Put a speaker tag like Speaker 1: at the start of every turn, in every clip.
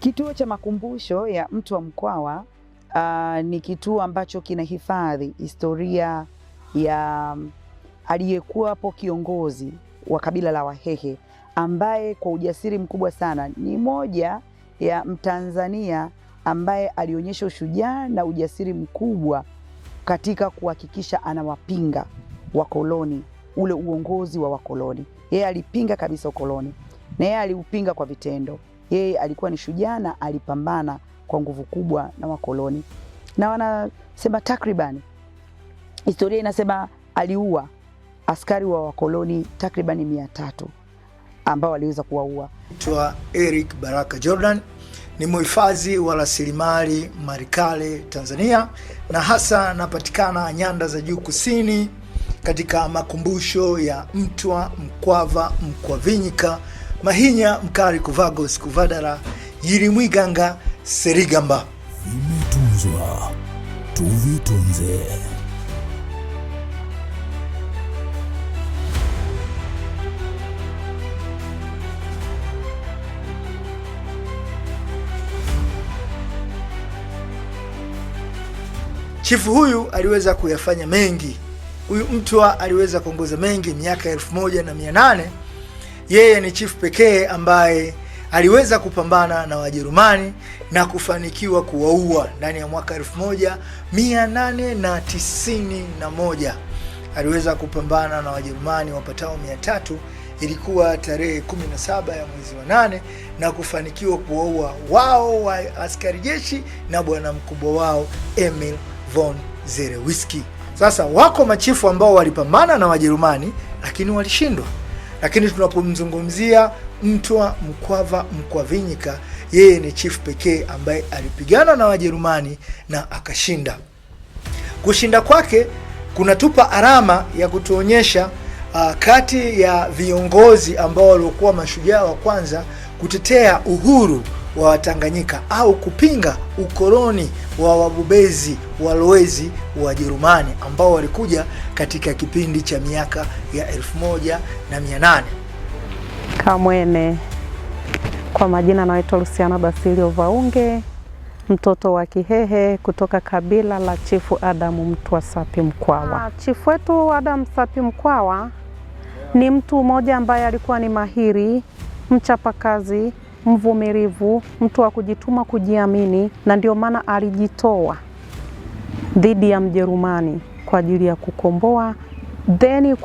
Speaker 1: Kituo cha makumbusho ya mtu wa Mkwawa uh, ni kituo ambacho kinahifadhi historia ya um, aliyekuwapo kiongozi wa kabila la Wahehe ambaye kwa ujasiri mkubwa sana ni moja ya Mtanzania ambaye alionyesha ushujaa na ujasiri mkubwa katika kuhakikisha anawapinga wakoloni, ule uongozi wa wakoloni. Yeye alipinga kabisa ukoloni na yeye aliupinga kwa vitendo. Yeye alikuwa ni shujaa na alipambana kwa nguvu kubwa na wakoloni, na wanasema takribani, historia inasema aliua askari wa wakoloni takribani mia tatu ambao aliweza kuwaua.
Speaker 2: Naitwa Eric Baraka Jordan, ni mhifadhi wa rasilimali marikale Tanzania, na hasa napatikana nyanda za juu kusini katika makumbusho ya Mtwa, Mkwava, Mkwavinyika mahinya mkari kuvagos kuvadara kuvadala serigamba imetunzwa tuvitunze Chifu huyu aliweza kuyafanya mengi. Huyu mtwa aliweza kuongoza mengi miaka elfu moja na mia nane yeye ni chifu pekee ambaye aliweza kupambana na Wajerumani na kufanikiwa kuwaua ndani ya mwaka moja Aliweza kupambana na Wajerumani wapatao tatu ilikuwa tarehe 17 ya mwezi wa nane, na kufanikiwa kuwaua wao wa askari jeshi na bwana mkubwa wao Emil von Zerewiski. Sasa wako machifu ambao walipambana na Wajerumani lakini walishindwa lakini tunapomzungumzia Mtwa Mkwava Mkwavinyika, yeye ni chifu pekee ambaye alipigana na Wajerumani na akashinda. Kushinda kwake kunatupa alama ya kutuonyesha uh, kati ya viongozi ambao waliokuwa mashujaa wa kwanza kutetea uhuru wa Watanganyika au kupinga ukoloni wa wabobezi walowezi Wajerumani ambao walikuja katika kipindi cha miaka ya elfu moja na mia nane.
Speaker 3: Kamwene, kwa majina naitwa Lusiana Basilio Vaunge, mtoto wa Kihehe kutoka kabila la Chifu Adamu Mtwa Sapi Mkwawa. Ah, Chifu wetu Adamu Sapi Mkwawa ni mtu mmoja ambaye alikuwa ni mahiri mchapakazi mvumilivu, mtu wa kujituma, kujiamini, na ndio maana alijitoa dhidi ya Mjerumani kwa ajili ya kukomboa theni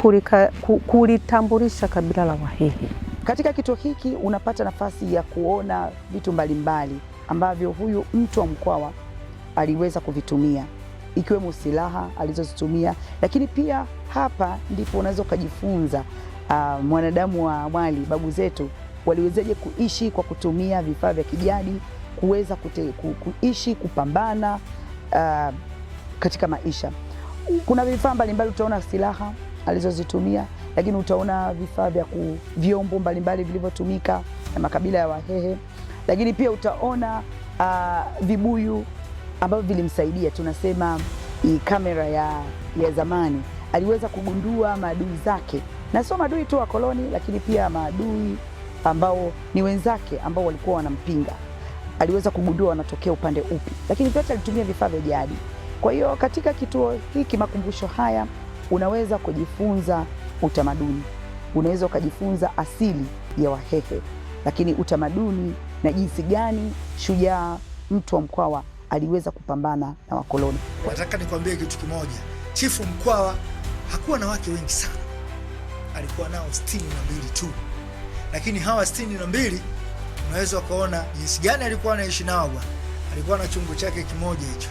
Speaker 3: kulitambulisha kabila la Wahehe.
Speaker 1: Katika kituo hiki unapata nafasi ya kuona vitu mbalimbali ambavyo huyu mtu wa Mkwawa aliweza kuvitumia ikiwemo silaha alizozitumia, lakini pia hapa ndipo unaweza ukajifunza uh, mwanadamu wa awali babu zetu waliwezeje kuishi kwa kutumia vifaa vya kijadi, kuweza kuishi kupambana uh, katika maisha. Kuna vifaa mbalimbali, utaona silaha alizozitumia, lakini utaona vifaa vya vyombo mbalimbali vilivyotumika na makabila ya Wahehe, lakini pia utaona uh, vibuyu ambavyo vilimsaidia, tunasema kamera ya, ya zamani. Aliweza kugundua maadui zake na sio maadui tu wa koloni, lakini pia maadui ambao ni wenzake ambao walikuwa wanampinga, aliweza kugundua wanatokea upande upi, lakini vyote alitumia vifaa vya jadi. Kwa hiyo katika kituo hiki, makumbusho haya, unaweza kujifunza utamaduni, unaweza ukajifunza asili ya Wahehe, lakini utamaduni na jinsi gani shujaa Mtwa Mkwawa aliweza kupambana na wakoloni.
Speaker 2: Nataka nikwambie kitu kimoja, Chifu Mkwawa hakuwa na wake wengi sana, alikuwa nao sitini na mbili tu lakini hawa sitini na mbili unaweza ukaona jinsi gani alikuwa anaishi nao bwana. Alikuwa na chungu chake kimoja hicho,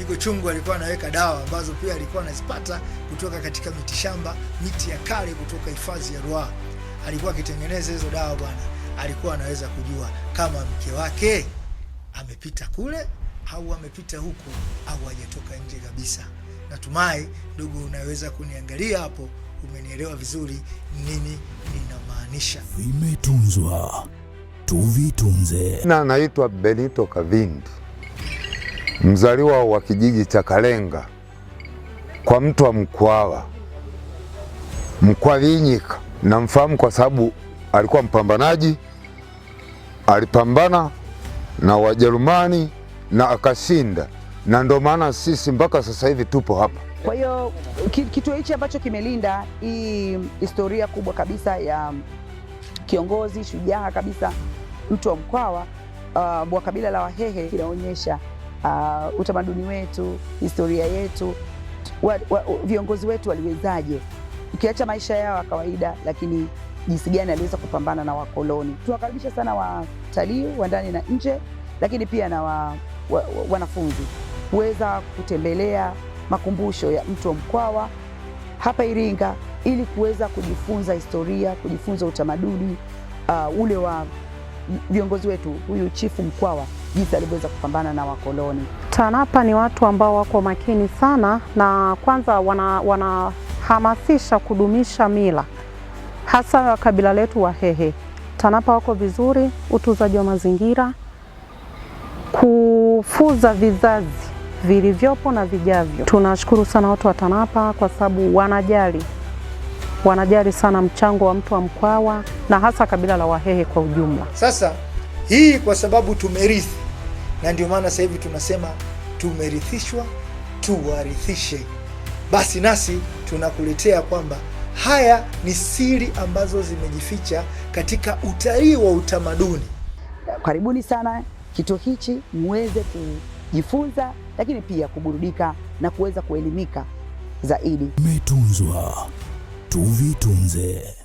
Speaker 2: iko chungu alikuwa anaweka dawa ambazo pia alikuwa anazipata kutoka katika miti shamba miti ya kale kutoka hifadhi ya Ruaha. Alikuwa akitengeneza hizo dawa bwana, alikuwa anaweza kujua kama mke wake amepita kule au amepita huku au hajatoka nje kabisa. Natumai ndugu, unaweza kuniangalia hapo umenielewa vizuri nini ninamaanisha. Vimetunzwa
Speaker 4: tuvitunze. Na naitwa Benito Kavindi, mzaliwa wa kijiji cha Kalenga kwa mtwa mkwavinyika na Namfahamu kwa sababu alikuwa mpambanaji, alipambana na Wajerumani na akashinda, na ndio maana sisi mpaka sasa hivi tupo hapa. Kwa hiyo kituo hichi ambacho kimelinda hii historia kubwa kabisa ya kiongozi shujaa kabisa
Speaker 2: mtu wa Mkwawa uh, wa kabila la Wahehe kinaonyesha uh, utamaduni wetu, historia yetu wa, wa, viongozi wetu waliwezaje, ukiacha maisha yao ya kawaida, lakini jinsi gani aliweza kupambana na wakoloni. Tunawakaribisha sana watalii
Speaker 1: wa ndani na nje, lakini pia na wa, wa, wa, wanafunzi kuweza kutembelea makumbusho ya mtu wa Mkwawa hapa Iringa ili kuweza kujifunza historia, kujifunza utamaduni uh, ule wa viongozi wetu, huyu Chifu Mkwawa jinsi alivyoweza kupambana na wakoloni. TANAPA ni watu ambao wako makini sana, na kwanza wanahamasisha wana kudumisha mila hasa kabila letu Wahehe. TANAPA wako vizuri, utunzaji wa mazingira, kufuza vizazi vilivyopo na vijavyo. Tunashukuru sana watu wa TANAPA kwa sababu wanajali wanajali sana mchango wa mtu wa Mkwawa na hasa kabila la Wahehe kwa ujumla. Sasa hii kwa sababu tumerithi, na ndio maana sasa hivi tunasema tumerithishwa, tuwarithishe. Basi nasi tunakuletea kwamba haya ni siri ambazo zimejificha katika utalii wa utamaduni. Karibuni sana kituo hichi muweze kujifunza lakini pia kuburudika na kuweza kuelimika zaidi. Umetunzwa, tuvitunze.